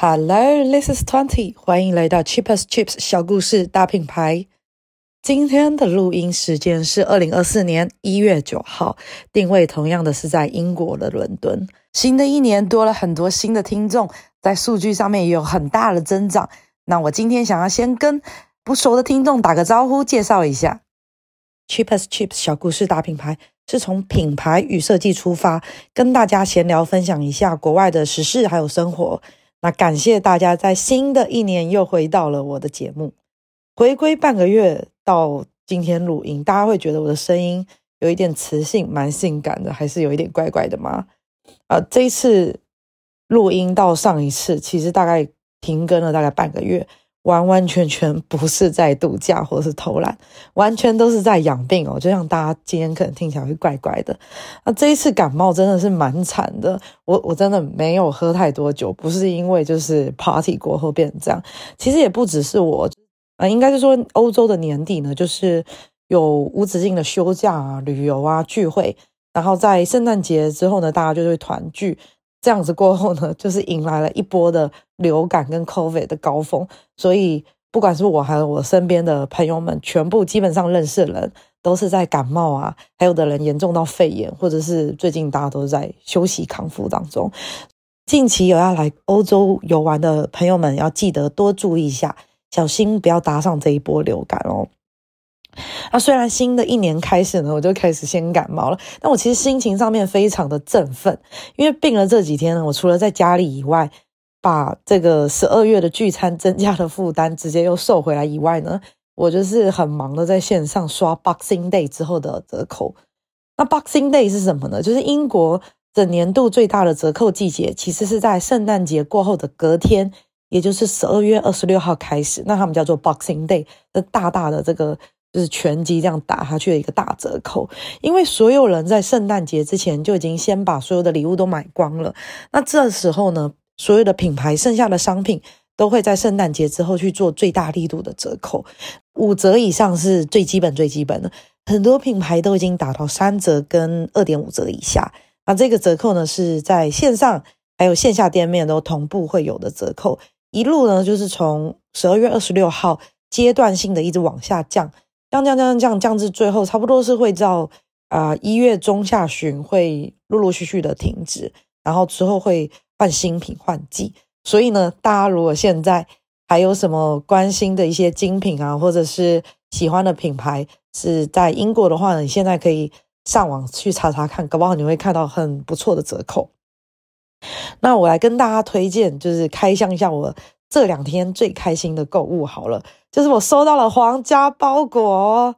Hello，this is Twenty，歡迎來到 Cheap as Chips 小故事大品牌。今天的錄音時間是二零二四年一月九號，定位同樣的是在英國的倫敦。新的一年多了很多新的聽眾，在數據上面也有很大的增長。那我今天想要先跟不熟的聽眾打個招呼，介紹一下 Cheap as Chips 小故事大品牌，是從品牌與設計出發，跟大家閒聊分享一下國外的時事還有生活。那感謝大家在新的一年又回到了我的節目，回歸半個月到今天錄音，大家會覺得我的聲音有一點磁性，蠻性感的，還是有一點怪怪的嗎？呃，這一次錄音到上一次，其實大概停更了大概半個月。完完全全不是在度假或者是偷懶，完全都是在養病哦。就像大家今天可能聽起來會怪怪的，那這一次感冒真的是蠻慘的。我我真的沒有喝太多酒，不是因為就是 party 過後變成這樣，其實也不只是我。啊、呃，應該就是說歐洲的年底呢，就是有無止境的休假啊、旅游啊、聚會，然後在聖誕節之後呢，大家就會團聚。這樣子過後呢，就是迎來了一波的流感跟 COVID 的高峰，所以不管是我還有我身邊的朋友們，全部基本上認識的人都是在感冒啊，還有的人嚴重到肺炎，或者是最近大家都在休息康復當中。近期有要來歐洲遊玩的朋友們，要記得多注意一下，小心不要搭上這一波流感哦。那雖然新的一年開始呢，我就開始先感冒了，但我其實心情上面非常的振奮，因為病了這幾天呢，我除了在家裡以外，把這個十二月的聚餐增加的負擔直接又收回來以外呢，我就是很忙的在線上刷 Boxing Day 之後的折扣。那 Boxing Day 是什麼呢？就是英國整年度最大的折扣季節，其實是在聖誕節過後的隔天，也就是十二月二十六號開始，那他們叫做 Boxing Day，大大的這個。就是拳擊這樣打下去的一個大折扣，因為所有人在聖誕節之前就已經先把所有的禮物都買光了。那這時候呢，所有的品牌剩下的商品都會在聖誕節之後去做最大力度的折扣，五折以上是最基本最基本的。很多品牌都已經打到三折跟二點五折以下。那這個折扣呢，是在線上還有線下店面都同步會有的折扣，一路呢就是從十二月二十六號階段性的一直往下降。降降降降降至最後，差不多是會到啊一月中下旬會陸陸續續的停止，然後之後會換新品換季。所以呢，大家如果現在還有什麼關心的一些精品啊，或者是喜歡的品牌是在英國的話呢，你現在可以上網去查查看，搞不好你會看到很不錯的折扣。那我來跟大家推薦，就是開箱一下我。這兩天最開心的購物好了，就是我收到了皇家包裹，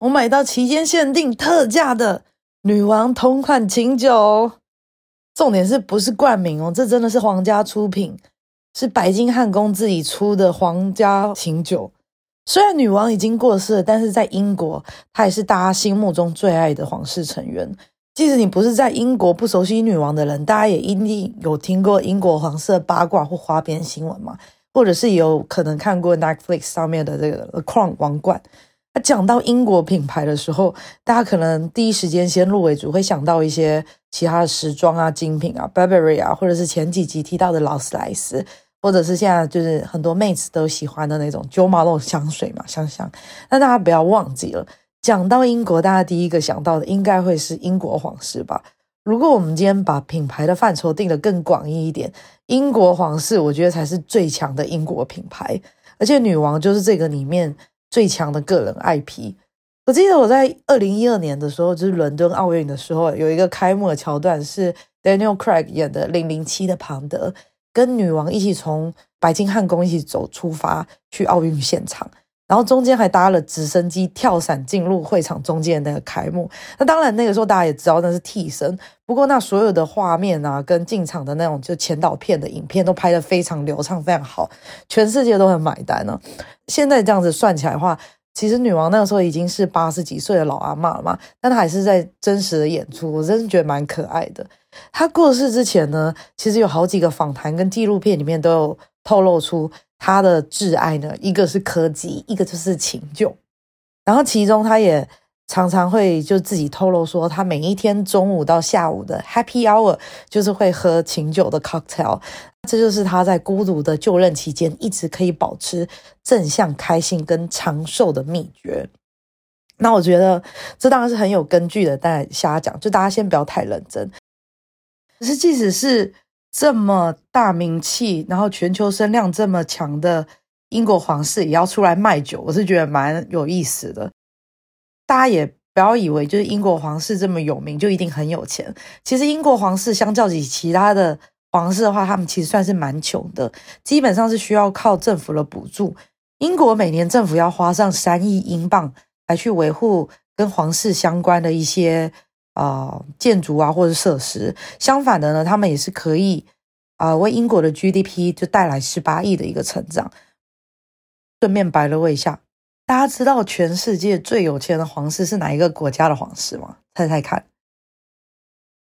我買到期間限定特價的女王同款琴酒，重點是不是冠名哦，這真的是皇家出品，是白金漢宮自己出的皇家琴酒。雖然女王已經過世了，但是在英國，她也是大家心目中最愛的皇室成員。即使你不是在英國，不熟悉女王的人，大家也一定有聽過英國黃色八卦或花邊新聞嘛，或者是有可能看過 Netflix 上面的這個《The Crown》王冠。那、啊、講到英國品牌的時候，大家可能第一時間先入為主會想到一些其他的時裝啊、精品啊、Burberry 啊，或者是前幾集提到的勞斯萊斯，或者是現在就是很多妹子都喜歡的那種 Jo Malone 香水嘛，香香。但大家不要忘記了。講到英國，大家第一個想到的應該會是英國皇室吧？如果我們今天把品牌的範疇定得更廣義一點，英國皇室我覺得才是最強的英國品牌，而且女王就是這個裡面最強的個人 IP。我記得我在二零一二年的時候，就是倫敦奧運的時候，有一個開幕的橋段是 Daniel Craig 演的《零零七》的龐德，跟女王一起從白金漢宮一起走出發去奧運現場。然後中間還搭了直升機、跳傘進入會場中間的那個開幕，那當然那個時候大家也知道那是替身。不過那所有的畫面啊，跟進場的那種就前導片的影片都拍得非常流暢、非常好，全世界都很買單呢、啊。現在這樣子算起來的話，其實女王那個時候已經是八十幾歲的老阿嬤了嘛，但她還是在真實的演出，我真的覺得蠻可愛的。她過世之前呢，其實有好幾個訪談跟紀錄片裡面都有透露出。他的摯愛呢，一個是柯基，一個就是琴酒。然後其中，他也常常會就自己透露說，他每一天中午到下午的 happy hour 就是會喝琴酒的 cocktail。這就是他在孤獨的就任期間一直可以保持正向開心跟長壽的秘訣。那我覺得這當然是很有根據的，但瞎講，就大家先不要太認真。可是即使是這麼大名氣，然後全球聲量這麼強的英國皇室也要出來賣酒，我是覺得蠻有意思的。大家也不要以為就是英國皇室這麼有名就一定很有錢。其實英國皇室相較起其他的皇室的話，他們其實算是蠻窮的，基本上是需要靠政府的補助。英國每年政府要花上三億英鎊來去維護跟皇室相關的一些，啊、呃，建築啊，或者設施，相反的呢，他們也是可以啊、呃，為英國的 GDP 就帶來十八億的一個成長。順便白了我一下，大家知道全世界最有錢的皇室是哪一個國家的皇室嗎？猜猜看，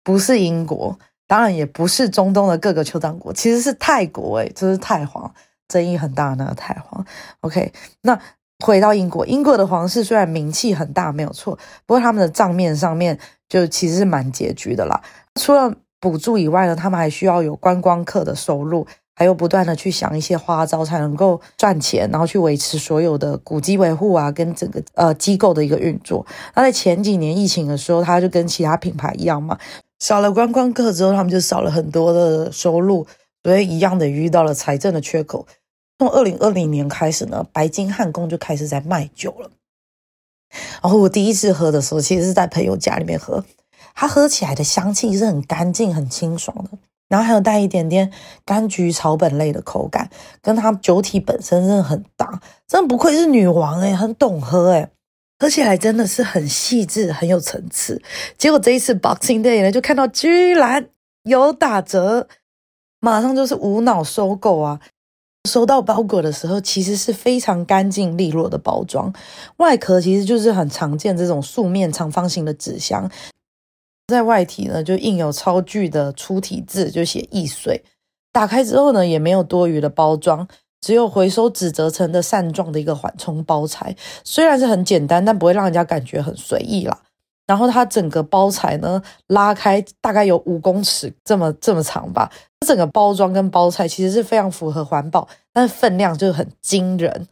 不是英國，當然也不是中東的各個酋長國，其實是泰國、欸，誒就是泰皇，爭議很大的那個泰皇。OK，那。回到英國，英國的皇室雖然名氣很大，沒有錯，不過他們的賬面上面就其實是蠻拮據的啦。除了補助以外呢，他們還需要有觀光客的收入，還有不斷的去想一些花招才能夠賺錢，然後去維持所有的古蹟維護啊，跟整個呃機構的一個運作。那在前幾年疫情的時候，他就跟其他品牌一樣嘛，少了觀光客之後，他們就少了很多的收入，所以一樣的遇到了財政的缺口。從二零二零年開始呢，白金漢宮就開始在賣酒了。然、oh, 後我第一次喝的時候，其實是在朋友家裡面喝，它喝起來的香氣是很乾淨、很清爽的，然後還有帶一點點柑橘草本類的口感，跟它酒體本身真的很搭，真的不愧是女王誒、欸、很懂喝誒、欸、喝起來真的是很細緻、很有層次。結果這一次 Boxing Day 呢，就看到居然有打折，馬上就是無腦收購啊！收到包裹的時候，其實是非常乾淨利落的包裝。外殼其實就是很常見這種素面長方形的紙箱，在外體呢就印有超巨的粗體字，就寫易碎。打開之後呢，也沒有多餘的包裝，只有回收紙折成的扇狀的一個緩衝包材。雖然是很簡單，但不會讓人家感覺很隨意啦。然後它整個包材呢，拉開大概有五公尺這麼這麼長吧。整個包裝跟包材其實是非常符合環保，但是分量就很驚人。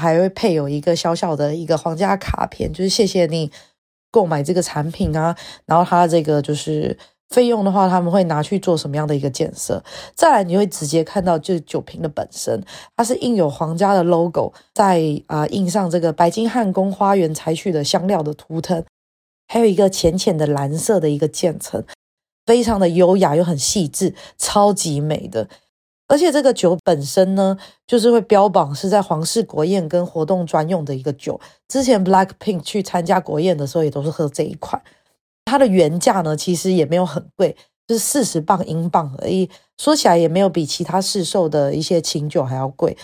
還會配有一個小小的一個皇家卡片，就是謝謝你購買這個產品啊。然後它這個就是費用的話，他們會拿去做什麼樣的一個建設？再來你會直接看到這酒瓶的本身，它是印有皇家的 logo，再啊、呃、印上這個白金漢宮花園採取的香料的圖騰。還有一個淺淺的藍色的一個漸層，非常的優雅又很細緻，超級美的。而且這個酒本身呢，就是會標榜是在皇室國宴跟活動專用的一個酒。之前 BLACKPINK 去參加國宴的時候，也都是喝這一款。它的原價呢，其實也沒有很貴，就是四十磅英鎊而已。說起來也沒有比其他市售的一些琴酒還要貴。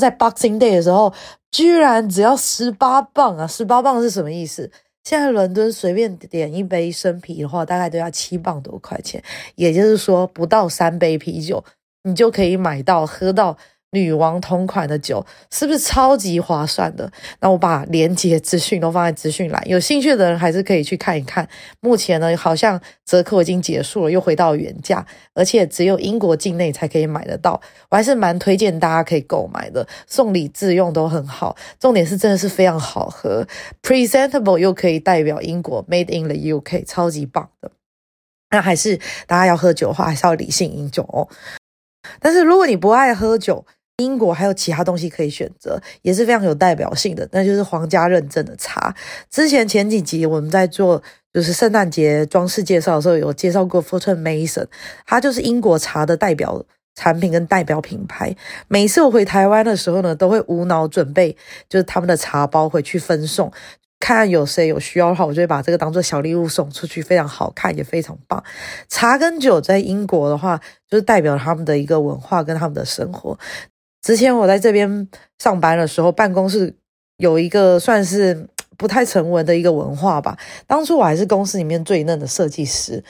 在 Boxing Day 的時候，居然只要十八磅啊！十八磅是什麼意思？現在倫敦隨便點一杯生啤的話，大概都要七磅多塊錢，也就是說，不到三杯啤酒，你就可以買到喝到。女王同款的酒是不是超級划算的？那我把連接資訊都放在資訊欄，有興趣的人還是可以去看一看。目前呢，好像折扣已經結束了，又回到原價，而且只有英國境內才可以買得到。我還是蠻推薦大家可以購買的，送禮自用都很好。重點是真的是非常好喝，presentable 又可以代表英國，made in the UK，超級棒的。那還是大家要喝酒的話，還是要理性飲酒哦。但是如果你不愛喝酒，英國還有其他東西可以選擇，也是非常有代表性的，那就是皇家認證的茶。之前前幾集我們在做就是聖誕節裝飾介紹的時候，有介紹過 Fortnum Mason，它就是英國茶的代表產品跟代表品牌。每次我回台灣的時候呢，都會無腦準備就是他們的茶包回去分送，看有誰有需要的話，我就會把這個當做小禮物送出去，非常好看也非常棒。茶跟酒在英國的話，就是代表他們的一個文化跟他們的生活。之前我在這邊上班的時候，辦公室有一個算是不太成文的一個文化吧。當初我還是公司裡面最嫩的設計師，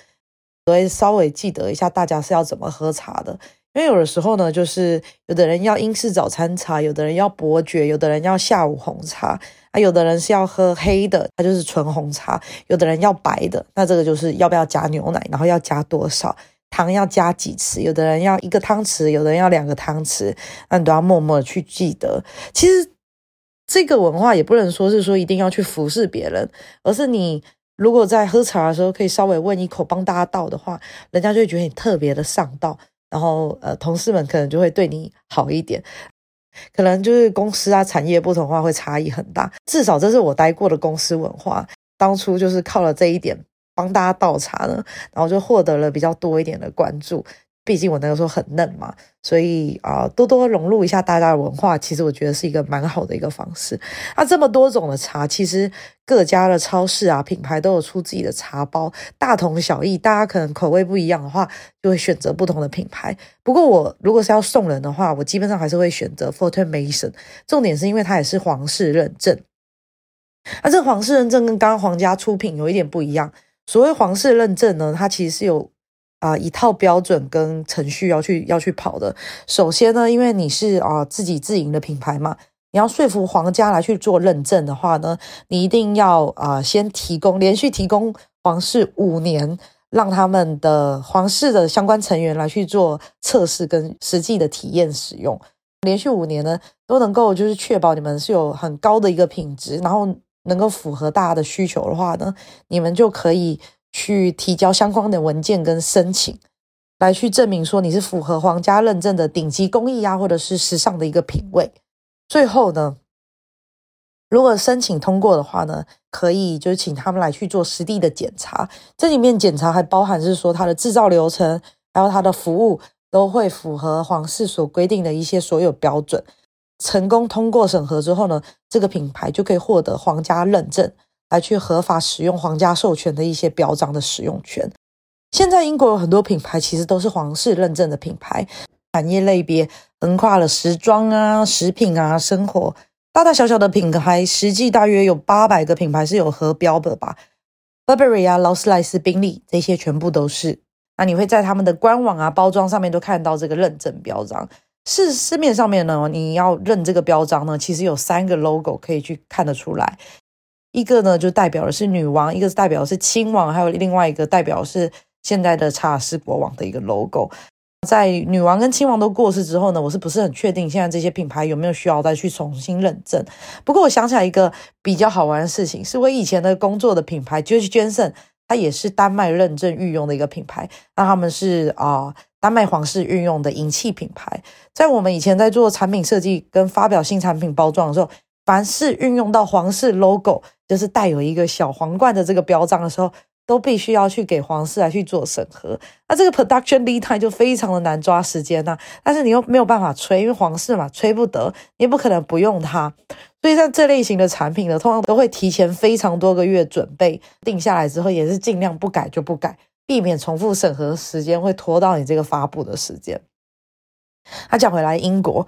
所以稍微記得一下大家是要怎麼喝茶的。因為有的時候呢，就是有的人要英式早餐茶，有的人要伯爵，有的人要下午紅茶。啊，有的人是要喝黑的，它，啊，就是純紅茶；有的人要白的，那這個就是要不要加牛奶，然後要加多少。糖要加幾匙，有的人要一個湯匙，有的人要兩個湯匙，那你都要默默去記得。其實這個文化也不能說是說一定要去服侍別人，而是你如果在喝茶的時候可以稍微問一口幫大家倒的話，人家就會覺得你特別的上道，然後呃，同事們可能就會對你好一點。可能就是公司啊，產業不同的話會差異很大，至少這是我待過的公司文化，當初就是靠了這一點。幫大家倒茶呢，然後就獲得了比較多一點的關注。畢竟我那個時候很嫩嘛，所以啊、呃，多多融入一下大家的文化，其實我覺得是一個蠻好的一個方式。那、啊、這麼多種的茶，其實各家的超市啊、品牌都有出自己的茶包，大同小異。大家可能口味不一樣的話，就會選擇不同的品牌。不過我如果是要送人的話，我基本上還是會選擇 Fortnum & Mason。重點是因為它也是皇室認證。那、啊、這皇室認證跟剛剛皇家出品有一點不一樣。所謂皇室認證呢，它其實是有啊一套標準跟程序要去要去跑的。首先呢，因為你是啊，呃，自己自營的品牌嘛，你要說服皇家來去做認證的話呢，你一定要啊，呃，先提供連續提供皇室五年，讓他們的皇室的相關成員來去做測試跟實際的體驗使用。連續五年呢，都能夠就是確保你們是有很高的一個品質，然後。能夠符合大家的需求的話呢，你們就可以去提交相關的文件跟申請，來去證明說你是符合皇家認證的頂級工藝啊，或者是時尚的一個品味。最後呢，如果申請通過的話呢，可以就是請他們來去做實地的檢查。這裡面檢查還包含是說它的製造流程，還有它的服務都會符合皇室所規定的一些所有標準。成功通過審核之後呢，這個品牌就可以獲得皇家認證，來去合法使用皇家授權的一些標章的使用權。現在英國有很多品牌，其實都是皇室認證的品牌，產業類別橫跨了時裝啊、食品啊、生活，大大小小的品牌，實際大約有八百個品牌是有合標的吧。Burberry 啊、勞斯萊斯、賓利這些全部都是。那你會在他們的官網啊、包裝上面都看到這個認證標章。市市面上面呢，你要認這個標章呢，其實有三個 logo 可以去看得出來。一個呢，就代表的是女王，一個是代表的是親王，還有另外一個代表的是現在的查爾斯國王的一個 logo。在女王跟親王都過世之後呢，我是不是很確定現在這些品牌有沒有需要再去重新認證？不過我想起來一個比較好玩的事情，是我以前的工作的品牌就是 Georg Jensen 它也是丹麥認證御用的一個品牌。那他們是啊。呃丹麥皇室運用的銀器品牌，在我們以前在做產品設計跟發表新產品包裝的時候，凡是運用到皇室 logo，就是帶有一個小皇冠的這個標章的時候，都必須要去給皇室來去做審核。那這個 production lead time 就非常的難抓時間吶，啊，但是你又沒有辦法催，因為皇室嘛，催不得，你也不可能不用它。所以像這類型的產品呢，通常都會提前非常多個月準備，定下來之後也是盡量不改就不改。避免重複審核的時間會拖到你這個發布的時間。他講回來，英國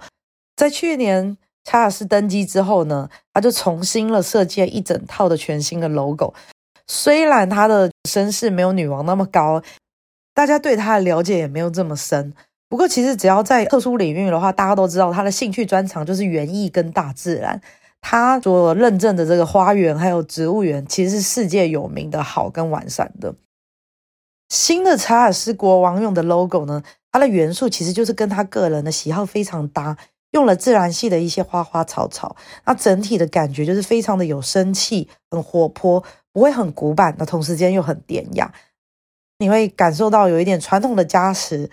在去年查爾斯登基之後呢，他就重新了設計了一整套的全新的 logo。雖然他的身世沒有女王那麼高，大家對他的了解也沒有這麼深。不過，其實只要在特殊領域的話，大家都知道他的興趣專長就是園藝跟大自然。他所認證的這個花園還有植物園，其實是世界有名的好跟完善的。新的查爾斯國王用的 logo 呢，它的元素其實就是跟他個人的喜好非常搭，用了自然系的一些花花草草，那整體的感覺就是非常的有生氣，很活潑，不會很古板，那同時間又很典雅，你會感受到有一點傳統的加持，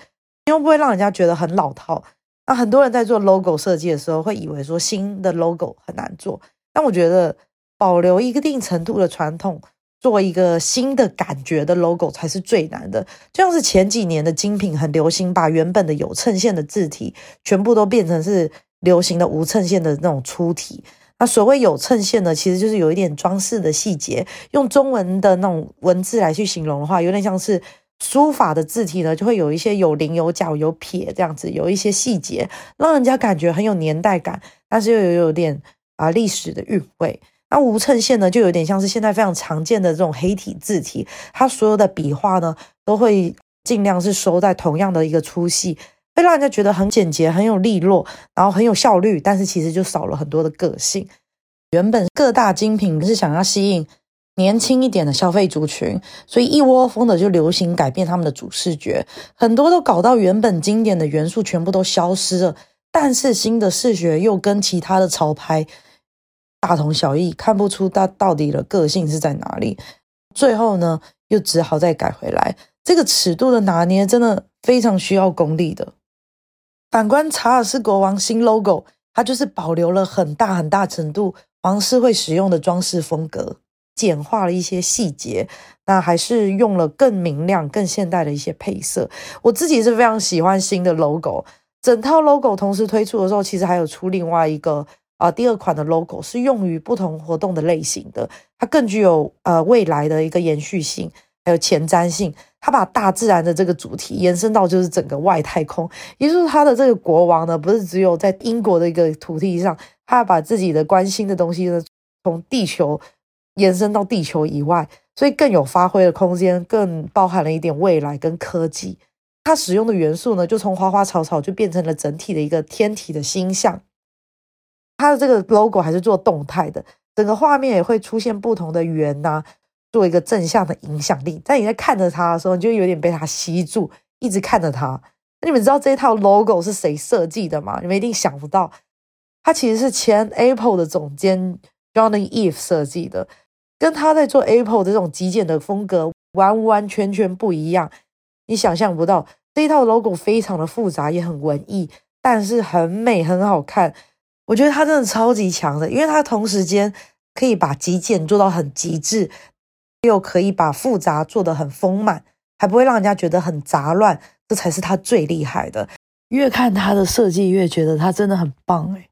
又不會讓人家覺得很老套。那很多人在做 logo 設計的時候會以為說新的 logo 很難做，但我覺得保留一個一定程度的傳統。做一個新的感覺的 logo 才是最難的，就像是前幾年的精品很流行，把原本的有襯線的字體全部都變成是流行的無襯線的那種粗體。那所謂有襯線呢，其實就是有一點裝飾的細節。用中文的那種文字來去形容的話，有點像是書法的字體呢，就會有一些有稜有角、有撇這樣子，有一些細節，讓人家感覺很有年代感，但是又有有點啊歷史的韻味。那、啊、無襯線呢，就有點像是現在非常常見的這種黑體字體，它所有的筆畫呢都會盡量是收在同樣的一個粗細，會讓人家覺得很簡潔、很有利落，然後很有效率，但是其實就少了很多的個性。原本各大精品是想要吸引年輕一點的消費族群，所以一窩蜂的就流行改變他們的主視覺，很多都搞到原本經典的元素全部都消失了，但是新的視覺又跟其他的潮牌大同小異，看不出他到底的個性是在哪裡。最後呢，又只好再改回來。這個尺度的拿捏，真的非常需要功力的。反觀查爾斯國王新 logo，它就是保留了很大很大程度王室會使用的裝飾風格，簡化了一些細節，那還是用了更明亮、更現代的一些配色。我自己是非常喜歡新的 logo。整套 logo 同時推出的時候，其實還有出另外一個。啊、呃，第二款的 logo 是用於不同活動的類型的，它更具有呃未來的一個延續性，還有前瞻性。它把大自然的這個主題延伸到就是整個外太空，也就是它的這個國王呢，不是只有在英國的一個土地上，他把自己的關心的東西呢，從地球延伸到地球以外，所以更有發揮的空間，更包含了一點未來跟科技。它使用的元素呢，就從花花草草就變成了整體的一個天體的星象。它的這個 logo 還是做動態的，整個畫面也會出現不同的圓吶、啊，做一個正向的影響力。在你在看着它的時候，你就有點被它吸住，一直看着它。那你們知道這一套 logo 是誰設計的嗎？你們一定想不到，它其實是前 Apple 的總監 Jony Ive 設計的，跟他在做 Apple 的這種極簡的風格完完全全不一樣。你想象不到，這一套 logo 非常的複雜，也很文藝，但是很美，很好看。我覺得他真的超級強的，因為他同時間可以把極簡做到很極致，又可以把複雜做得很豐滿，還不會讓人家覺得很雜亂，這才是他最厲害的。越看他的設計，越覺得他真的很棒誒。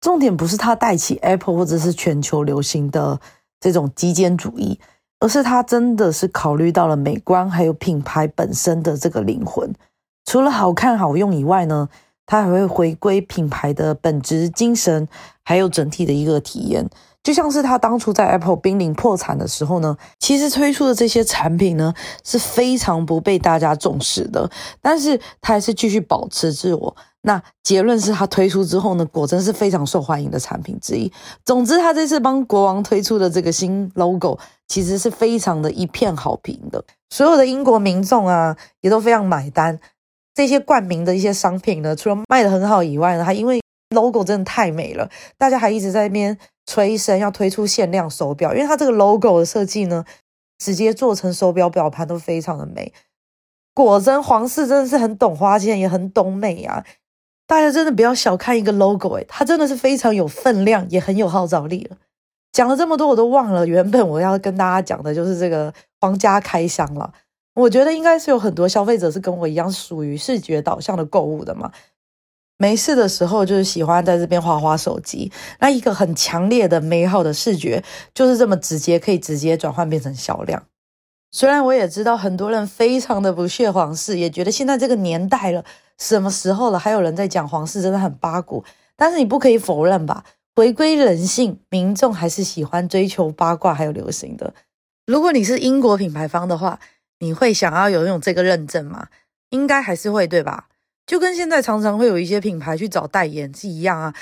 重點不是他帶起 Apple 或者是全球流行的這種極簡主義，而是他真的是考慮到了美觀還有品牌本身的這個靈魂。除了好看好用以外呢，他還會回歸品牌的本質精神，還有整體的一個體驗。就像是他當初在 Apple 瀕臨破產的時候呢，其實推出的這些產品呢是非常不被大家重視的，但是他還是繼續保持自我。那結論是他推出之後呢，果真是非常受歡迎的產品之一。總之，他這次幫國王推出的這個新 logo，其實是非常的一片好評的，所有的英國民眾啊也都非常買單。這些冠名的一些商品呢，除了賣得很好以外呢，還因為 logo 真的太美了，大家還一直在那邊催生要推出限量手錶，因為它這個 logo 的設計呢，直接做成手錶錶盤都非常的美。果真，皇室真的是很懂花錢，也很懂美啊！大家真的不要小看一個 logo 誒、欸、它真的是非常有分量，也很有號召力了。講了這麼多，我都忘了原本我要跟大家講的就是這個皇家開箱了。我覺得應該是有很多消費者是跟我一樣，屬於視覺導向的購物的嘛。沒事的時候就是喜歡在這邊滑滑手機，那一個很強烈的、美好的視覺，就是這麼直接，可以直接轉換變成銷量。雖然我也知道很多人非常的不屑皇室，也覺得現在這個年代了，什麼時候了，還有人在講皇室，真的很八卦。但是你不可以否認吧？回歸人性，民眾還是喜歡追求八卦，還有流行的。如果你是英國品牌方的話。你會想要有這種這個認證嗎？應該還是會，對吧？就跟現在常常會有一些品牌去找代言是一樣啊，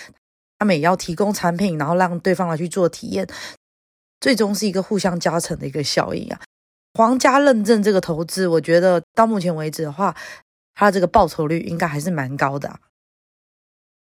他們也要提供產品，然後讓對方來去做體驗，最終是一個互相加成的一個效應啊。皇家認證這個投資，我覺得到目前為止的話，它這個報酬率應該還是蠻高的啊。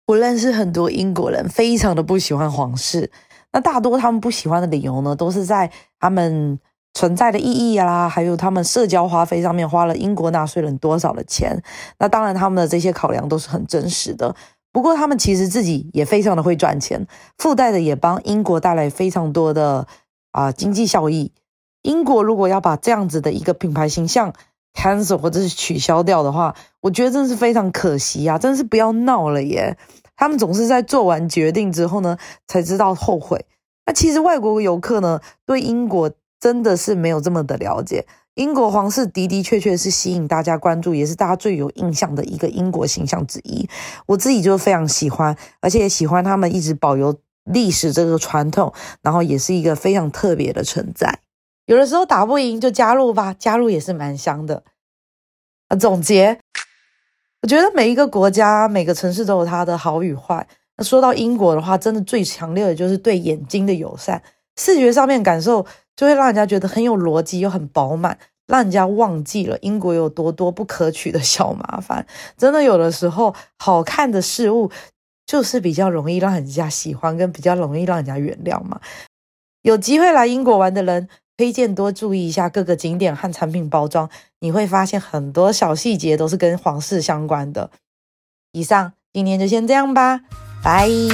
我認識很多英國人，非常的不喜歡皇室，那大多他們不喜歡的理由呢，都是在他們。存在的意義啊，還有他們社交花費上面花了英國納稅人多少的錢？那當然，他們的這些考量都是很真實的。不過，他們其實自己也非常的會賺錢，附帶的也幫英國帶來非常多的啊、呃、經濟效益。英國如果要把這樣子的一個品牌形象 cancel 或者是取消掉的話，我覺得真是非常可惜呀、啊！真是不要鬧了耶！他們總是在做完決定之後呢，才知道後悔。那其實外國遊客呢，對英國。真的是沒有這麼的了解，英國皇室的的確確是吸引大家關注，也是大家最有印象的一個英國形象之一。我自己就非常喜歡，而且也喜歡他們一直保留歷史這個傳統，然後也是一個非常特別的存在。有的時候打不贏就加入吧，加入也是蠻香的。啊，總結，我覺得每一個國家、每個城市都有它的好與壞。那說到英國的話，真的最強烈的就是對眼睛的友善，視覺上面感受。就會讓人家覺得很有邏輯又很飽滿，讓人家忘記了英國有多多不可取的小麻煩。真的，有的時候好看的事物就是比較容易讓人家喜歡，跟比較容易讓人家原諒嘛。有機會來英國玩的人，推薦多注意一下各個景點和產品包裝，你會發現很多小細節都是跟皇室相關的。以上，今天就先這樣吧，拜。